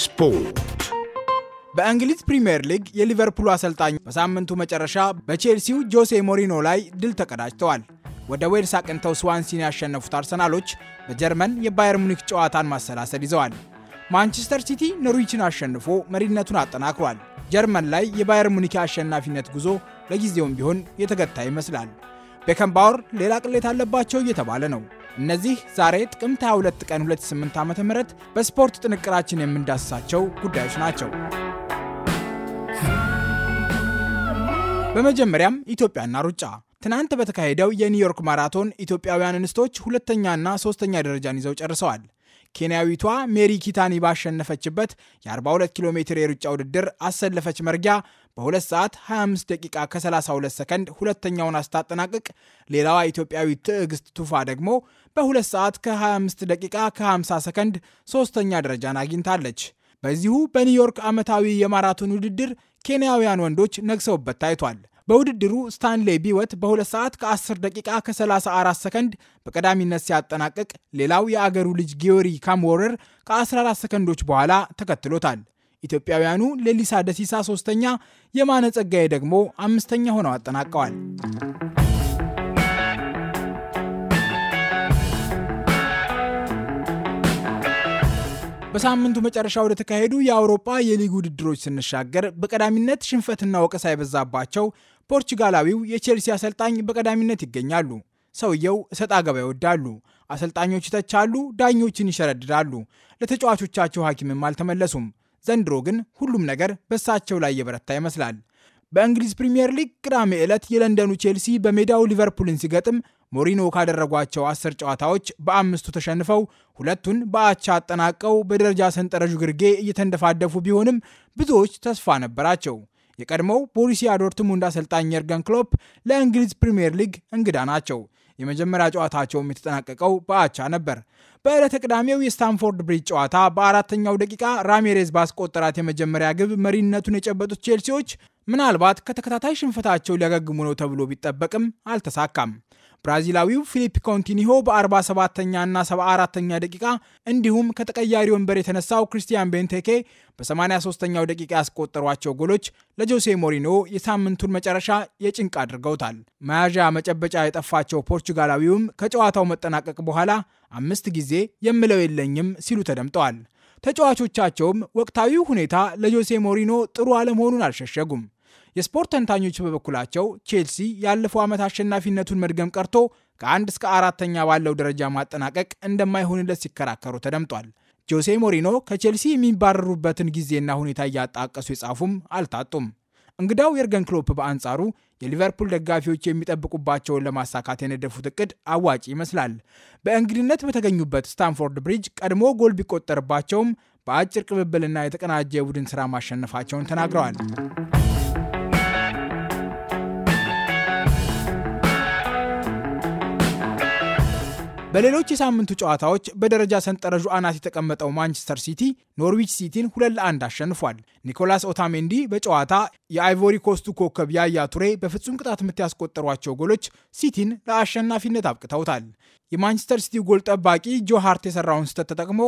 ስፖርት በእንግሊዝ ፕሪምየር ሊግ የሊቨርፑሉ አሰልጣኝ በሳምንቱ መጨረሻ በቼልሲው ጆሴ ሞሪኖ ላይ ድል ተቀዳጅተዋል። ወደ ዌልስ አቅንተው ስዋንሲን ያሸነፉት አርሰናሎች በጀርመን የባየር ሙኒክ ጨዋታን ማሰላሰል ይዘዋል። ማንቸስተር ሲቲ ኖርዊችን አሸንፎ መሪነቱን አጠናክሯል። ጀርመን ላይ የባየር ሙኒክ አሸናፊነት ጉዞ ለጊዜውም ቢሆን የተገታ ይመስላል። ቤከንባወር ሌላ ቅሌት አለባቸው እየተባለ ነው። እነዚህ ዛሬ ጥቅምት 22 ቀን 28 ዓ ም በስፖርት ጥንቅራችን የምንዳስሳቸው ጉዳዮች ናቸው። በመጀመሪያም ኢትዮጵያና ሩጫ። ትናንት በተካሄደው የኒውዮርክ ማራቶን ኢትዮጵያውያን እንስቶች ሁለተኛና ሶስተኛ ደረጃን ይዘው ጨርሰዋል። ኬንያዊቷ ሜሪ ኪታኒ ባሸነፈችበት የ42 ኪሎ ሜትር የሩጫ ውድድር አሰለፈች መርጊያ በሁለት ሰዓት 25 ደቂቃ ከ32 ሰከንድ ሁለተኛውን አስታጠናቅቅ ሌላዋ ኢትዮጵያዊ ትዕግስት ቱፋ ደግሞ በ2 ሰዓት ከ25 ደቂቃ ከ50 ሰከንድ ሦስተኛ ደረጃን አግኝታለች። በዚሁ በኒውዮርክ ዓመታዊ የማራቶን ውድድር ኬንያውያን ወንዶች ነግሰውበት ታይቷል። በውድድሩ ስታንሌ ቢወት በ2 ሰዓት ከ10 ደቂቃ ከ34 ሰከንድ በቀዳሚነት ሲያጠናቅቅ ሌላው የአገሩ ልጅ ጊዮሪ ካምወረር ከ14 ሰከንዶች በኋላ ተከትሎታል። ኢትዮጵያውያኑ ሌሊሳ ደሲሳ ሶስተኛ፣ የማነ ጸጋዬ ደግሞ አምስተኛ ሆነው አጠናቀዋል። በሳምንቱ መጨረሻ ወደ ተካሄዱ የአውሮፓ የሊግ ውድድሮች ስንሻገር በቀዳሚነት ሽንፈትና ወቀሳ የበዛባቸው ፖርቹጋላዊው የቼልሲ አሰልጣኝ በቀዳሚነት ይገኛሉ። ሰውየው እሰጥ አገባ ይወዳሉ። አሰልጣኞች ይተቻሉ፣ ዳኞችን ይሸረድዳሉ። ለተጫዋቾቻቸው ሐኪምም አልተመለሱም። ዘንድሮ ግን ሁሉም ነገር በሳቸው ላይ የበረታ ይመስላል። በእንግሊዝ ፕሪምየር ሊግ ቅዳሜ ዕለት የለንደኑ ቼልሲ በሜዳው ሊቨርፑልን ሲገጥም ሞሪኖ ካደረጓቸው አስር ጨዋታዎች በአምስቱ ተሸንፈው ሁለቱን በአቻ አጠናቀው በደረጃ ሰንጠረዡ ግርጌ እየተንደፋደፉ ቢሆንም ብዙዎች ተስፋ ነበራቸው። የቀድሞው ቦሩሲያ ዶርትሙንድ አሰልጣኝ የርገን ክሎፕ ለእንግሊዝ ፕሪምየር ሊግ እንግዳ ናቸው። የመጀመሪያ ጨዋታቸውም የተጠናቀቀው በአቻ ነበር። በዕለተ ቅዳሜው የስታንፎርድ ብሪጅ ጨዋታ በአራተኛው ደቂቃ ራሜሬዝ ባስቆጠራት የመጀመሪያ ግብ መሪነቱን የጨበጡት ቼልሲዎች ምናልባት ከተከታታይ ሽንፈታቸው ሊያገግሙ ነው ተብሎ ቢጠበቅም አልተሳካም። ብራዚላዊው ፊሊፕ ኮንቲኒሆ በ47ኛና 74ኛ ደቂቃ እንዲሁም ከተቀያሪ ወንበር የተነሳው ክሪስቲያን ቤንቴኬ በ83ኛው ደቂቃ ያስቆጠሯቸው ጎሎች ለጆሴ ሞሪኖ የሳምንቱን መጨረሻ የጭንቅ አድርገውታል። መያዣ መጨበጫ የጠፋቸው ፖርቹጋላዊውም ከጨዋታው መጠናቀቅ በኋላ አምስት ጊዜ የምለው የለኝም ሲሉ ተደምጠዋል። ተጫዋቾቻቸውም ወቅታዊው ሁኔታ ለጆሴ ሞሪኖ ጥሩ አለመሆኑን አልሸሸጉም። የስፖርት ተንታኞች በበኩላቸው ቼልሲ ያለፈው ዓመት አሸናፊነቱን መድገም ቀርቶ ከአንድ እስከ አራተኛ ባለው ደረጃ ማጠናቀቅ እንደማይሆንለት ሲከራከሩ ተደምጧል። ጆሴ ሞሪኖ ከቼልሲ የሚባረሩበትን ጊዜና ሁኔታ እያጣቀሱ የጻፉም አልታጡም። እንግዳው የርገን ክሎፕ በአንጻሩ የሊቨርፑል ደጋፊዎች የሚጠብቁባቸውን ለማሳካት የነደፉት እቅድ አዋጭ ይመስላል። በእንግድነት በተገኙበት ስታንፎርድ ብሪጅ ቀድሞ ጎል ቢቆጠርባቸውም በአጭር ቅብብልና የተቀናጀ የቡድን ስራ ማሸነፋቸውን ተናግረዋል። በሌሎች የሳምንቱ ጨዋታዎች በደረጃ ሰንጠረዡ አናት የተቀመጠው ማንቸስተር ሲቲ ኖርዊች ሲቲን ሁለት ለአንድ አሸንፏል። ኒኮላስ ኦታሜንዲ በጨዋታ የአይቮሪ ኮስቱ ኮከብ ያያ ቱሬ በፍጹም ቅጣት ምት ያስቆጠሯቸው ጎሎች ሲቲን ለአሸናፊነት አብቅተውታል። የማንቸስተር ሲቲ ጎል ጠባቂ ጆ ሃርት የሰራውን ስህተት ተጠቅሞ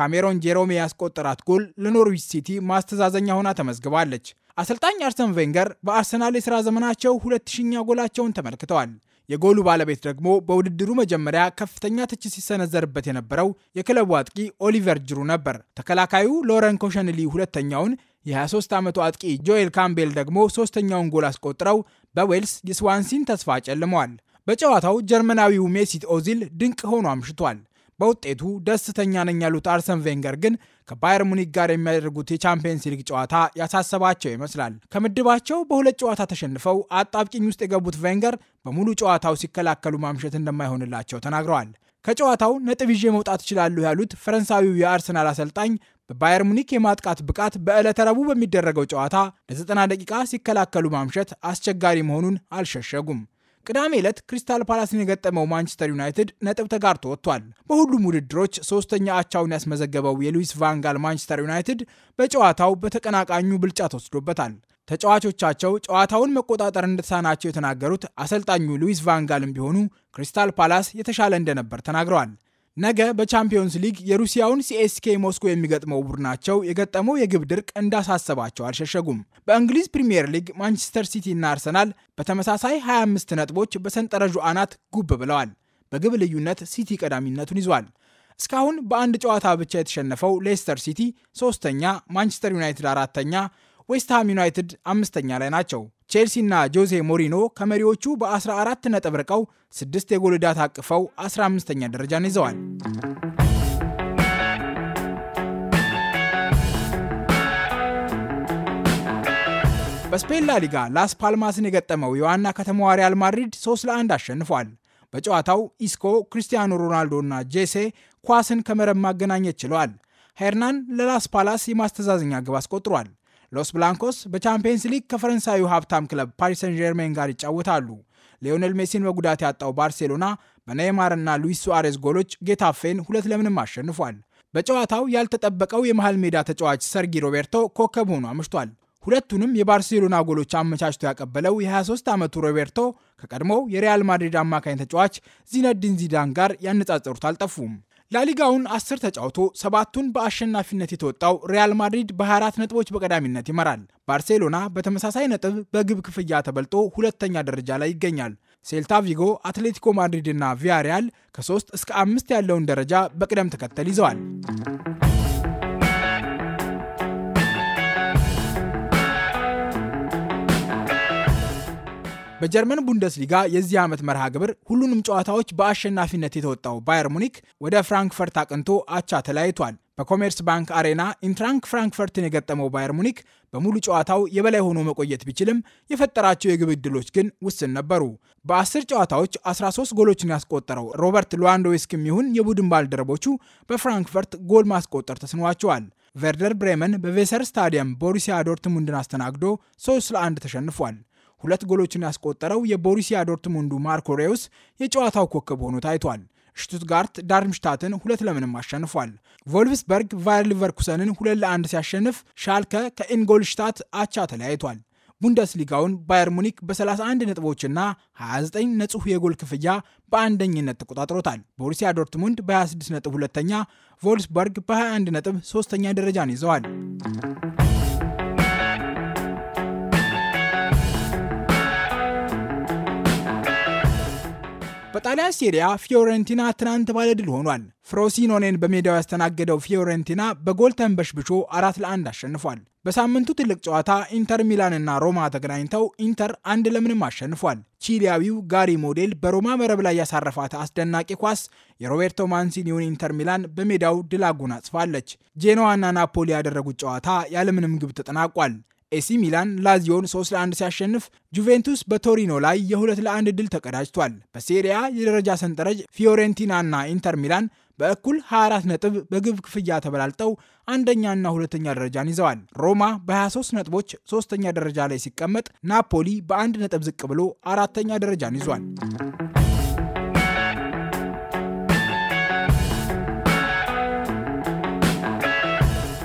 ካሜሮን ጄሮሜ ያስቆጠራት ጎል ለኖርዊች ሲቲ ማስተዛዘኛ ሆና ተመዝግባለች። አሰልጣኝ አርሰን ቬንገር በአርሰናል የሥራ ዘመናቸው ሁለት ሺኛ ጎላቸውን ተመልክተዋል። የጎሉ ባለቤት ደግሞ በውድድሩ መጀመሪያ ከፍተኛ ትች ሲሰነዘርበት የነበረው የክለቡ አጥቂ ኦሊቨር ጅሩ ነበር። ተከላካዩ ሎረን ኮሸንሊ ሁለተኛውን፣ የ23 ዓመቱ አጥቂ ጆኤል ካምቤል ደግሞ ሦስተኛውን ጎል አስቆጥረው በዌልስ የስዋንሲን ተስፋ ጨልመዋል። በጨዋታው ጀርመናዊው ሜሲት ኦዚል ድንቅ ሆኖ አምሽቷል። በውጤቱ ደስተኛ ነኝ ያሉት አርሰን ቬንገር ግን ከባየር ሙኒክ ጋር የሚያደርጉት የቻምፒየንስ ሊግ ጨዋታ ያሳሰባቸው ይመስላል። ከምድባቸው በሁለት ጨዋታ ተሸንፈው አጣብቂኝ ውስጥ የገቡት ቬንገር በሙሉ ጨዋታው ሲከላከሉ ማምሸት እንደማይሆንላቸው ተናግረዋል። ከጨዋታው ነጥብ ይዤ መውጣት እችላለሁ ያሉት ፈረንሳዊው የአርሰናል አሰልጣኝ በባየር ሙኒክ የማጥቃት ብቃት በዕለተ ረቡዕ በሚደረገው ጨዋታ ለ90 ደቂቃ ሲከላከሉ ማምሸት አስቸጋሪ መሆኑን አልሸሸጉም። ቅዳሜ ዕለት ክሪስታል ፓላስን የገጠመው ማንቸስተር ዩናይትድ ነጥብ ተጋርቶ ወጥቷል። በሁሉም ውድድሮች ሶስተኛ አቻውን ያስመዘገበው የሉዊስ ቫንጋል ማንቸስተር ዩናይትድ በጨዋታው በተቀናቃኙ ብልጫ ተወስዶበታል። ተጫዋቾቻቸው ጨዋታውን መቆጣጠር እንደተሳናቸው የተናገሩት አሰልጣኙ ሉዊስ ቫንጋልም ቢሆኑ ክሪስታል ፓላስ የተሻለ እንደነበር ተናግረዋል። ነገ በቻምፒዮንስ ሊግ የሩሲያውን ሲኤስኬ ሞስኮ የሚገጥመው ቡድናቸው የገጠመው የግብ ድርቅ እንዳሳሰባቸው አልሸሸጉም። በእንግሊዝ ፕሪምየር ሊግ ማንቸስተር ሲቲ እና አርሰናል በተመሳሳይ 25 ነጥቦች በሰንጠረዡ አናት ጉብ ብለዋል። በግብ ልዩነት ሲቲ ቀዳሚነቱን ይዟል። እስካሁን በአንድ ጨዋታ ብቻ የተሸነፈው ሌስተር ሲቲ ሶስተኛ፣ ማንቸስተር ዩናይትድ አራተኛ፣ ዌስትሃም ዩናይትድ አምስተኛ ላይ ናቸው። ቼልሲና ጆሴ ሞሪኖ ከመሪዎቹ በ14 ነጥብ ርቀው ስድስት የጎል ዕዳ ታቅፈው 15ኛ ደረጃን ይዘዋል። በስፔን ላሊጋ ላስ ፓልማስን የገጠመው የዋና ከተማዋ ሪያል ማድሪድ 3 ለ1 አሸንፏል። በጨዋታው ኢስኮ፣ ክሪስቲያኖ ሮናልዶና ጄሴ ኳስን ከመረብ ማገናኘት ችለዋል። ሄርናን ለላስ ፓላስ የማስተዛዘኛ ግብ አስቆጥሯል። ሎስ ብላንኮስ በቻምፒየንስ ሊግ ከፈረንሳዩ ሀብታም ክለብ ፓሪስ ሰን ዠርሜን ጋር ይጫወታሉ። ሊዮኔል ሜሲን በጉዳት ያጣው ባርሴሎና በኔይማርና ሉዊስ ሱዋሬዝ ጎሎች ጌታፌን ሁለት ለምንም አሸንፏል። በጨዋታው ያልተጠበቀው የመሃል ሜዳ ተጫዋች ሰርጊ ሮቤርቶ ኮከብ ሆኖ አምሽቷል። ሁለቱንም የባርሴሎና ጎሎች አመቻችቶ ያቀበለው የ23 ዓመቱ ሮቤርቶ ከቀድሞው የሪያል ማድሪድ አማካኝ ተጫዋች ዚነዲን ዚዳን ጋር ያነጻጸሩት አልጠፉም። ላሊጋውን አስር ተጫውቶ ሰባቱን በአሸናፊነት የተወጣው ሪያል ማድሪድ በ24 ነጥቦች በቀዳሚነት ይመራል። ባርሴሎና በተመሳሳይ ነጥብ በግብ ክፍያ ተበልጦ ሁለተኛ ደረጃ ላይ ይገኛል። ሴልታ ቪጎ፣ አትሌቲኮ ማድሪድ እና ቪያሪያል ከ3 እስከ አምስት ያለውን ደረጃ በቅደም ተከተል ይዘዋል። በጀርመን ቡንደስሊጋ የዚህ ዓመት መርሃ ግብር ሁሉንም ጨዋታዎች በአሸናፊነት የተወጣው ባየር ሙኒክ ወደ ፍራንክፈርት አቅንቶ አቻ ተለያይቷል። በኮሜርስ ባንክ አሬና ኢንትራንክ ፍራንክፈርትን የገጠመው ባየር ሙኒክ በሙሉ ጨዋታው የበላይ ሆኖ መቆየት ቢችልም የፈጠራቸው የግብ ዕድሎች ግን ውስን ነበሩ። በአስር ጨዋታዎች 13 ጎሎችን ያስቆጠረው ሮበርት ሉዋንዶዊስክም ይሁን የቡድን ባልደረቦቹ በፍራንክፈርት ጎል ማስቆጠር ተስኗቸዋል። ቨርደር ብሬመን በቬሰር ስታዲየም ቦሩሲያ ዶርትሙንድን አስተናግዶ 3 ለ1 ተሸንፏል። ሁለት ጎሎችን ያስቆጠረው የቦሩሲያ ዶርትሙንዱ ማርኮ ሬውስ የጨዋታው ኮከብ ሆኖ ታይቷል። ሽቱትጋርት ዳርምሽታትን ሁለት ለምንም አሸንፏል። ቮልፍስበርግ ቫየር ሊቨርኩሰንን ሁለት ለአንድ ሲያሸንፍ፣ ሻልከ ከኢንጎልሽታት አቻ ተለያይቷል። ቡንደስሊጋውን ባየር ሙኒክ በ31 ነጥቦችና 29 ነጹህ የጎል ክፍያ በአንደኝነት ተቆጣጥሮታል። ቦሩሲያ ዶርትሙንድ በ26 ነጥብ ሁለተኛ፣ ቮልስበርግ በ21 ነጥብ ሶስተኛ ደረጃን ይዘዋል። በጣሊያን ሴሪያ ፊዮረንቲና ትናንት ባለድል ሆኗል። ፍሮሲኖኔን በሜዳው ያስተናገደው ፊዮረንቲና በጎል ተንበሽብሾ አራት ለአንድ አሸንፏል። በሳምንቱ ትልቅ ጨዋታ ኢንተር ሚላንና ሮማ ተገናኝተው ኢንተር አንድ ለምንም አሸንፏል። ቺሊያዊው ጋሪ ሞዴል በሮማ መረብ ላይ ያሳረፋት አስደናቂ ኳስ የሮቤርቶ ማንሲኒውን ኢንተር ሚላን በሜዳው ድል አጎናጽፋለች። ጄኖዋና ናፖሊ ያደረጉት ጨዋታ ያለምንም ግብ ተጠናቋል። ኤሲ ሚላን ላዚዮን 3 ለ1 ሲያሸንፍ ጁቬንቱስ በቶሪኖ ላይ የ2 ለ1 ድል ተቀዳጅቷል። በሴሪያ የደረጃ ሰንጠረዥ ፊዮሬንቲና እና ኢንተር ሚላን በእኩል 24 ነጥብ በግብ ክፍያ ተበላልጠው አንደኛና ሁለተኛ ደረጃን ይዘዋል። ሮማ በ23 ነጥቦች ሶስተኛ ደረጃ ላይ ሲቀመጥ ናፖሊ በአንድ ነጥብ ዝቅ ብሎ አራተኛ ደረጃን ይዟል።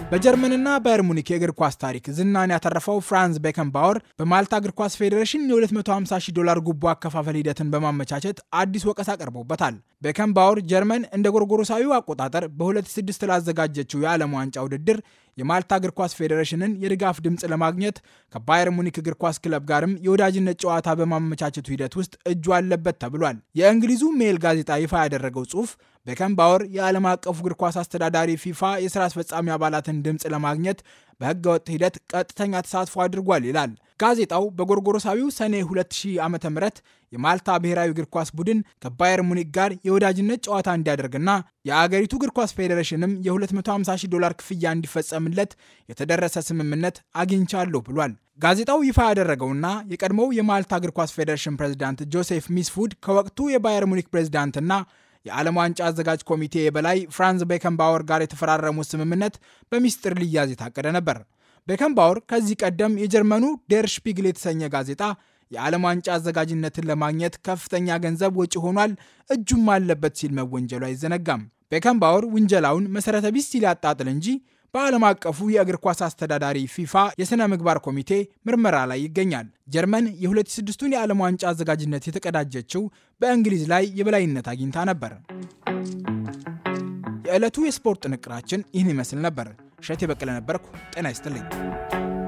በጀርመንና ባየር ሙኒክ የእግር ኳስ ታሪክ ዝናን ያተረፈው ፍራንስ ቤከንባወር በማልታ እግር ኳስ ፌዴሬሽን የ250 ዶላር ጉቦ አከፋፈል ሂደትን በማመቻቸት አዲስ ወቀሳ ቀርቦበታል። ቤከንባወር ጀርመን እንደ ጎርጎሮሳዊው አቆጣጠር በ2006 ላዘጋጀችው የዓለም ዋንጫ ውድድር የማልታ እግር ኳስ ፌዴሬሽንን የድጋፍ ድምፅ ለማግኘት ከባየር ሙኒክ እግር ኳስ ክለብ ጋርም የወዳጅነት ጨዋታ በማመቻቸቱ ሂደት ውስጥ እጁ አለበት ተብሏል። የእንግሊዙ ሜል ጋዜጣ ይፋ ያደረገው ጽሑፍ በከምባወር የዓለም አቀፉ እግር ኳስ አስተዳዳሪ ፊፋ የሥራ አስፈጻሚ አባላትን ድምፅ ለማግኘት በሕገ ወጥ ሂደት ቀጥተኛ ተሳትፎ አድርጓል ይላል። ጋዜጣው በጎርጎሮሳዊው ሰኔ 2000 ዓ ም የማልታ ብሔራዊ እግር ኳስ ቡድን ከባየር ሙኒክ ጋር የወዳጅነት ጨዋታ እንዲያደርግና የአገሪቱ እግር ኳስ ፌዴሬሽንም የ250 ዶላር ክፍያ እንዲፈጸምለት የተደረሰ ስምምነት አግኝቻለሁ ብሏል። ጋዜጣው ይፋ ያደረገውና የቀድሞው የማልታ እግር ኳስ ፌዴሬሽን ፕሬዝዳንት ጆሴፍ ሚስፉድ ከወቅቱ የባየር ሙኒክ ፕሬዚዳንትና የዓለም ዋንጫ አዘጋጅ ኮሚቴ የበላይ ፍራንዝ ቤከንባወር ጋር የተፈራረሙት ስምምነት በሚስጥር ሊያዝ የታቀደ ነበር። ቤከንባወር ከዚህ ቀደም የጀርመኑ ደርሽፒግል የተሰኘ ጋዜጣ የዓለም ዋንጫ አዘጋጅነትን ለማግኘት ከፍተኛ ገንዘብ ወጪ ሆኗል፣ እጁም አለበት ሲል መወንጀሉ አይዘነጋም። ቤከንባወር ውንጀላውን መሠረተ ቢስ ሲል ያጣጥል እንጂ በዓለም አቀፉ የእግር ኳስ አስተዳዳሪ ፊፋ የሥነ ምግባር ኮሚቴ ምርመራ ላይ ይገኛል። ጀርመን የ2006ቱን የዓለም ዋንጫ አዘጋጅነት የተቀዳጀችው በእንግሊዝ ላይ የበላይነት አግኝታ ነበር። የዕለቱ የስፖርት ጥንቅራችን ይህን ይመስል ነበር። እሸቴ በቀለ ነበርኩ። ጤና ይስጥልኝ።